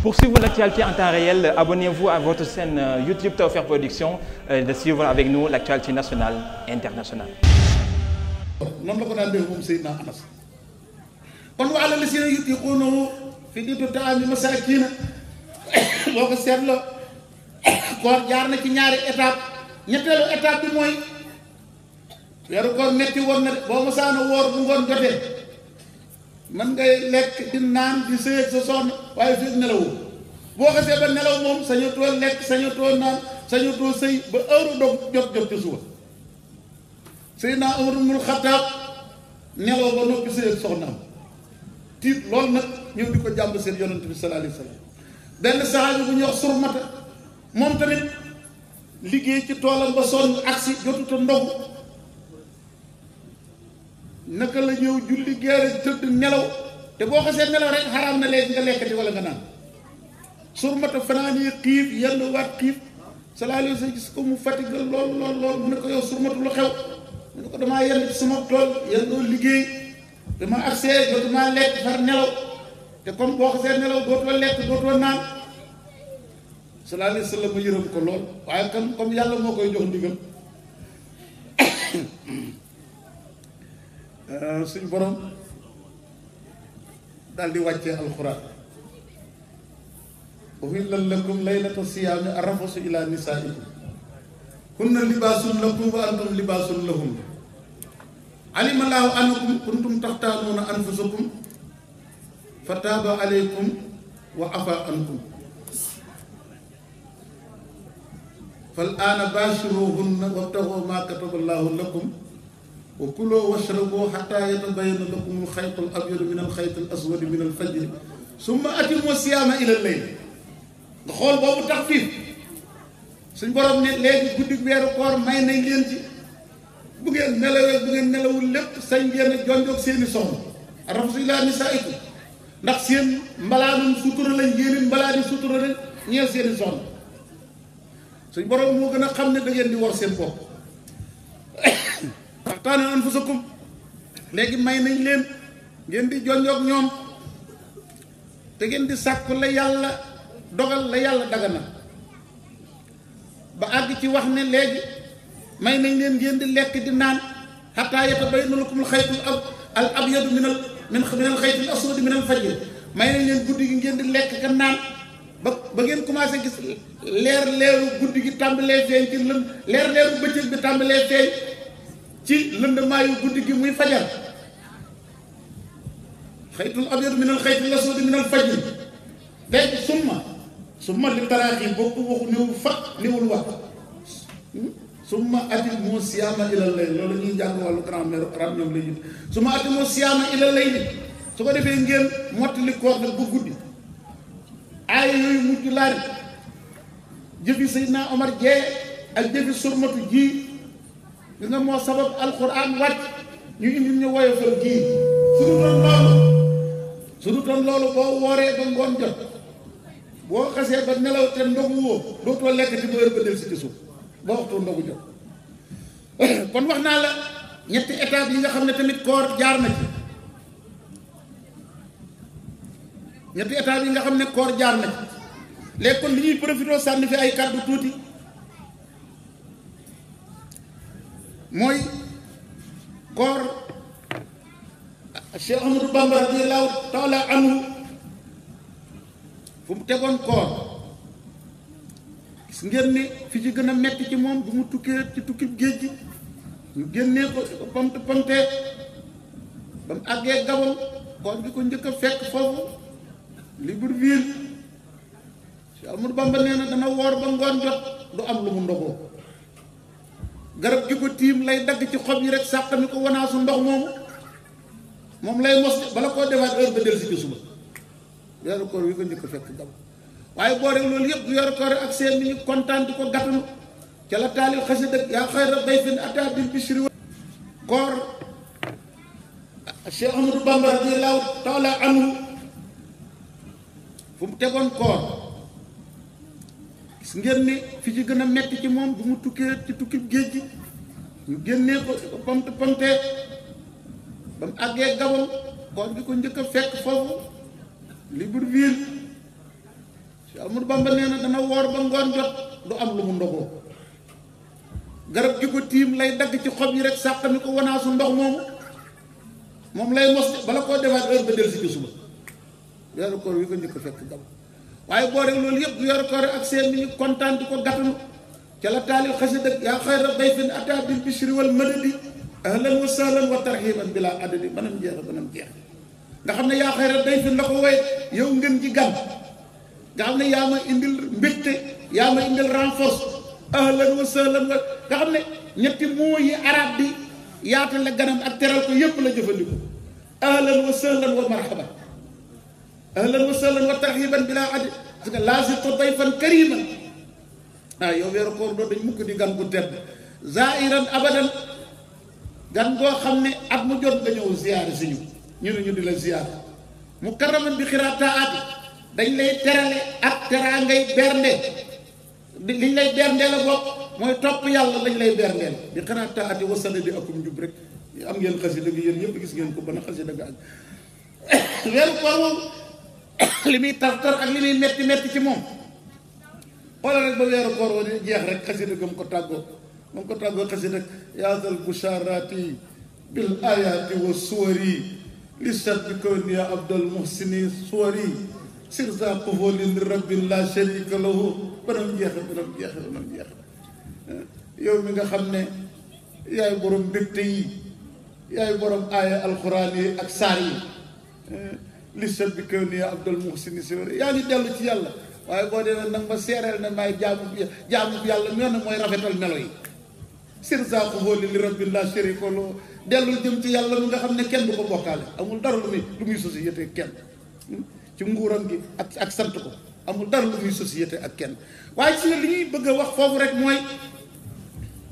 Pour suivre l'actualité en temps réel, abonnez-vous à votre chaîne euh, YouTube Tawfekh Production euh, de suivre avec nous l'actualité nationale internationale. noonu la ko daan def moom Seydina Anas kon wa alal lazina yutiquunahu fidyatun ta'aamu masaakiin boo ko seetloo koor jaar na ci ñaari étape ñetteelu étape bi mooy weeru koor metti woon na boo mosaana woor bu ngoon jotee. man ngay lekk di naan di sëyeeg sa sonn waaye fekk nelawoo boo xasee ba nelaw moom sañatoo lekk sañatoo naan sañatoo sëy ba heure doog jot jot ci suba Seydina Umar ibnul Xattaab nelaw ba noppi sëyeeg soxnaam tiit loolu nag ñëw di ko jàmb seen yonent bi sallallahu alayhi wa sallam benn saxaabi bu ñuy wax surmata moom tamit liggéey ci toolam ba sonn agsi jotuta ndogu naka la ñëw julli geere tëdd nelaw te boo xasee nelaw rek xaraam na léegi nga lekkati wala nga naan surmata fanaanee xiif yenn waat xiif salaale sa gis mu fatigal lool lool lool mu ne ko yow surmatu sama tool yennoo liggéey dama agsee dootumaa lekk far nelaw te comme boo xasee nelaw dootoo lekk dootoo naan salaale sa la yërëm ko lool waaye kan comme yàlla moo koy jox ndigal Euh, suñ borom daal di wàccee alxuraan uhillat lakum laylata siyaami arrafasu ila nisaaikum hunna libaasun lakum wa antum libaasun lahum alima laahu annakum kuntum anfusakum fa taaba aleykum wa afa ankum fal aana baashiruhunna wabtaxu maa kataba laahu lakum wa kuloo washraboo xataa yatabayyana lakum alxaytu al abyadu min alxayti al aswadi min alfajri summa atimu siyaama ila layl nga xool boobu tax fiif suñ borom ne léegi guddi weeru koor may nañ leen ci bu ngeen nelawee bu ngeen nelawul lépp sañ ngeen a jonjoog seeni soxna rafsu ilaa nisaikum ndax seen mbalaanum sutura lañ yéeneen mbalaani sutura lañ ñeel seeni soxna suñ borom moo gën a xam ne da ngeen di war seen bopp tànn anfusakum léegi may nañ leen ngeen di jonjoog ñoom te ngeen di sàkku la yàlla dogal la yàlla dagana ba àgg ci wax ne léegi may nañ leen ngeen di lekk di naan xataa yatabayyana lakumul xaytul al abyadu minal minal xaytil aswadi minal fajr may nañ leen guddi gi ngeen di lekk ka naan ba ba ngeen commencé gis leer leeru guddi gi tàmbalee feeñ ci leer leeru bëccëg bi tàmbalee feeñ ci lëndmaayu guddi gi muy fajar xaytul abyad min al xayt al aswad min al fajr léegi summa summa li taraax yi boobu waxu néewul fa néewul wax summa atil moo siyaama ilal lay loolu ñuy jàng wàllu grand mère arab ñoom lay jut summa atil moo siyaama ilal lay su ko defee ngeen mottali koor nag ba guddi aaya yooyu mujj laari jëfi Seydina Omar jee ak jëfi surmatu ji gis nga moo sabab alquran wàcc ñu indi ñu woyofal gii su du doon loolu su du doon loolu boo wooree ba ngoon jot boo xasee ba nelaw te ndox woo dootoo lekk ci ba heure ba si ci suuf ba waxtu ndogu jot kon wax naa la ñetti étape yi nga xam ne tamit koor jaar na ci ñetti étape yi nga xam ne koor jaar na ci léegi kon li ñuy profité sànni fi ay kàddu tuuti mooy koor Cheikh Ahmadou Bamba radiyallahu taala anhu fu mu tegoon koor gis ngeen fi ci gën a metti ci moom bu mu tukkee ci tukki géej gi ñu génnee ko pamte pamte ba mu àggee Gabon koor gi ko njëkk a fekk foofu Libreville Cheikh Ahmadou Bamba nee na dana woor ba ngoon jot du am lu mu ndogoo garab gi ko tiim lay dagg ci xob yi rek sàq mi ko wanaasu ndox moomu moom lay mos bala koo defaat heure ba dellu si ci suba weeru koor wi ko njëkk fekk dam waaye boo rek loolu yëpp weeru koor ak seen ni ñu kontaan di ko gàttanu ca la taalil xasi dëgg yaa xayra baytin ataa bil bishri wa koor Cheikh Ahmadou Bamba radiyallahu taala anhu fu mu tegoon koor gis ngeen ne fi ci gën a metti ci moom bu mu tukkee ci tukki géej gi ñu génnee ko di ko pompe pompe ba mu àggee Gabon koor gi ko njëkk a fekk foofu Libreville si Amadou Bamba nee na dana woor ba ngoon jot du am lu mu ndogoo garab gi ko tiim lay dagg ci xob yi rek sàq mi ko wanaasu ndox moomu moom lay mos bala koo defaat heure ba dellusi ci suba weeru koor wi ko njëkk a fekk Gabon waaye boo rek loolu yëpp yor koor ak seen ñu kontaan ko gàttanu ca la taalil xasida yaa xayra dayfin ataa bil bishri wal madadi ahlan wa sahlan wa tarhiban bila adadi banam jeex banam jeex nga xam ne yaa xayra dayfin la ko woy yow ngeen ci gan nga xam ne yaa ma indil mbégte yaa ma indil renforce ahlan wa sahlan wa nga xam ne ñetti moo yi arab bi yaatal la ganam ak teral ko yëpp la jëfandikoo ahlan wa sahlan wa marhaba ahlan wa sahlan wa tarhiban bilaa addi parce que laa sirta dayfan kariman waaw yow weeru koor doo dañ mukk di gan gu tedd zairan abadan gan goo xam ne at mu jot nga ñëw ziyaare si ñu ñu ne ñu di la ziyaare mu karaman bi xiraat taati dañ lay terale ak teraa ngay bernde liñ lay berndee la bopp mooy topp yàlla lañ lay berndeel bi xiraat taati wasale di akum njub rek am ngeen xasida gi yéen ñëpp gis ngeen ko bana xasida ga ak weeru koor li muy tar ak li muy metti metti ci moom wala rek ba weeru koor wa jeex rek xasida gëm ko tàggoo moom ko tàggoo xasida yaasal busharati bil ayati wa suwari li sat bi kawni ya abdal muhsini suwari sir sa qofoo la sharika lahu jeex banam jeex jeex yow mi nga xam ne yaay borom mbégte yi yaay borom aaya alxuraan ak saar li sët bi kaw nii Abdul Muhsin si yaa ngi dellu ci yàlla waaye boo dee nag ma seereel ne maay jaamu jaamu yàlla mel mooy rafetal melo yi sir sa ko hóoli li rabbi la sharika lahu dellul jëm ci yàlla mi nga xam ne kenn du ko bokkaale amul dara lu muy lu muy kenn ci nguuram gi ak ak sant ko amul dara lu muy société ak kenn waaye ci li ñuy bëgg a wax foofu rek mooy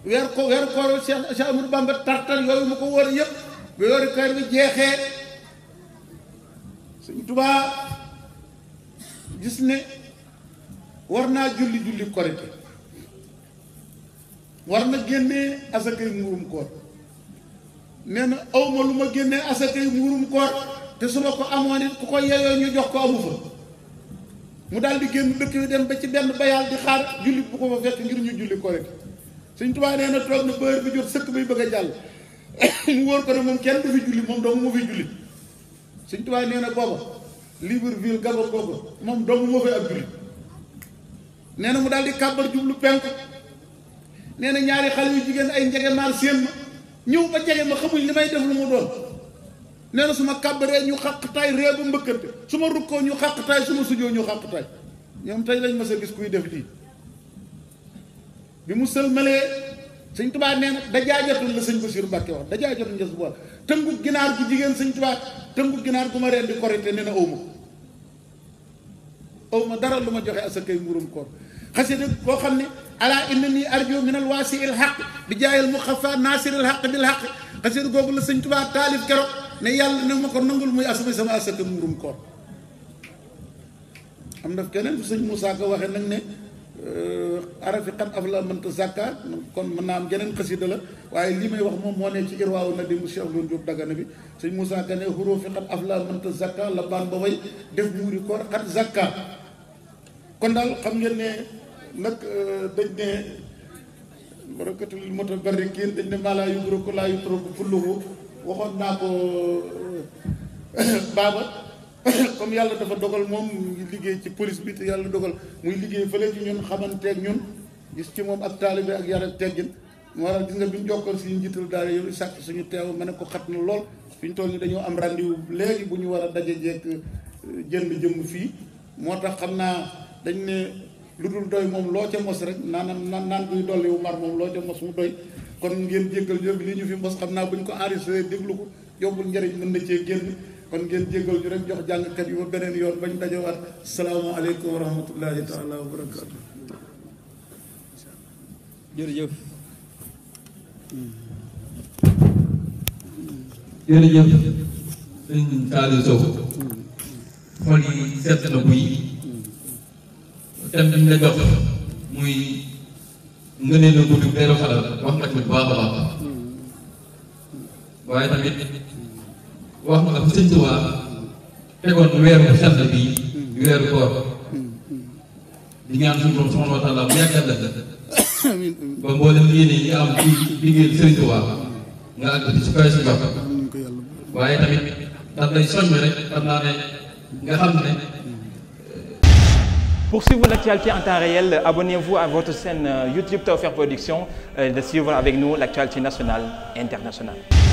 weer ko weer koor Cheikh Amadou Bamba tartan yooyu mu ko wóor yëpp ba weeru koor bi jeexee suñ tubaa gis ne war naa julli julli korite war na génnee asakay mburum koor nee na awma lu ma génnee asakay mburum koor te su ma ko amoon it ku ko yeyoo ñu jox ko amu fa mu daal di génn dëkk bi dem ba ci benn bayaal di xaar julli bu ko fa fekk ngir ñu julli korite suñ tubaa nee na toog na bëër bi jot sëkk bay bëgg a jàll mu wóor ko ne moom kenn du julli moom dong mu fi julli Sëñ Tuubaa nee na booba Libreville Gabon googu moom doomu moo fay ab jullit nee na mu daal di kàbbar jublu penk nee na ñaari xale yu jigéen ay njege maar séen ma ñëw ba jege ma xamuñ li may def lu mu doon nee na su ma kàbbaree ñu xàqtaay ree ba mbëkkante su ma rukkoo ñu xàqtaay su ma sujoo ñu xàqtaay ñoom tey lañ ma sa gis kuy def lii bi mu sëlmalee sëñ tubaa nee na dajaa jotuñ la sëñ Basiiru Mbàkke wax dajaa jotuñ la su bool tëngu ginaar gu jigéen sëñ tubaa tëngu ginaar gu ma reen di korite nee na awma awma dara lu ma joxe asakay mburum koor xasida boo xam ne alaa innanii arju min alwaasi il xaq bi jaayal mu xafa naasir il xaq dil xaq xasida googu la sëñ tubaa taalif keroog ne yàlla na ma ko nangul muy asumay sama asaka mburum koor am na keneen bu sëñ Moussa Ka waxee ne Euh, arafi xat af la mënta zakka kon mën naa am geneen xasida la waaye lii may wax moom moo ne ci irwaawu na di mu Cheikh Loun Diop Dagana bi sëñ Moussa Kane xurufi xat af la mënta zakka la baan ba way def muuri koor xat zakka kon daal xam ngeen ne euh, dañ ne barakatul mutabarrikin dañ ne mala yudruku la yudruku kulluhu waxoon naa ko euh, baaba comme yàlla dafa dogal moom mu ngi liggéey ci police bi te yàlla dogal muy liggéey fële ci ñun xamanteeg ñun gis ci moom ak taalibe ak yàlla teggin moo tax gis nga bi ñu jokkoon si njiital daal yow sàkk suñu teew ma ne ko xat na lool fi ñu toll nii dañoo am rendez-vous bu ñu war a daje jeeg euh, jënd jëmm fii moo tax xam naa dañ ne lu dul doy moom loo ca mos rek naan naan naan buy dolli wu mar moom loo ca mos mu kon ngeen jéggal jóg li ñu fi mos xam naa bu ñu ko enregistré déglu ko yóbbul njëriñ mën na cee génn kon ngeen jéggal ñu rek jox jàngkat yu ma beneen yoon bañ dajewaat salaamaaleykum wa rahmatullahi taala wa barakaatu. jërëjëf. jërëjëf. sëñ Saliou Sow. xol yi set na buy. thème bi ñu la jox muy ngëneel a gudd benn xalal wax nga ci bu baax a baax. waaye tamit. wax ma ne sëñ Tuubaa tegoon weeru sell bii weeru koor di ñaan suñu borom subhaanahu wa taala mu yàggal la ba mboolem yéene yi am ci liggéey sëñ Tuubaa nga àgg ci kaw si jox waaye tamit daf lay soññ rek xam naa ne nga xam ne euh, Pour suivre l'actualité en temps réel, abonnez-vous à votre chaîne euh, YouTube Tawfekh Production euh, et de suivre avec nous l'actualité nationale et internationale.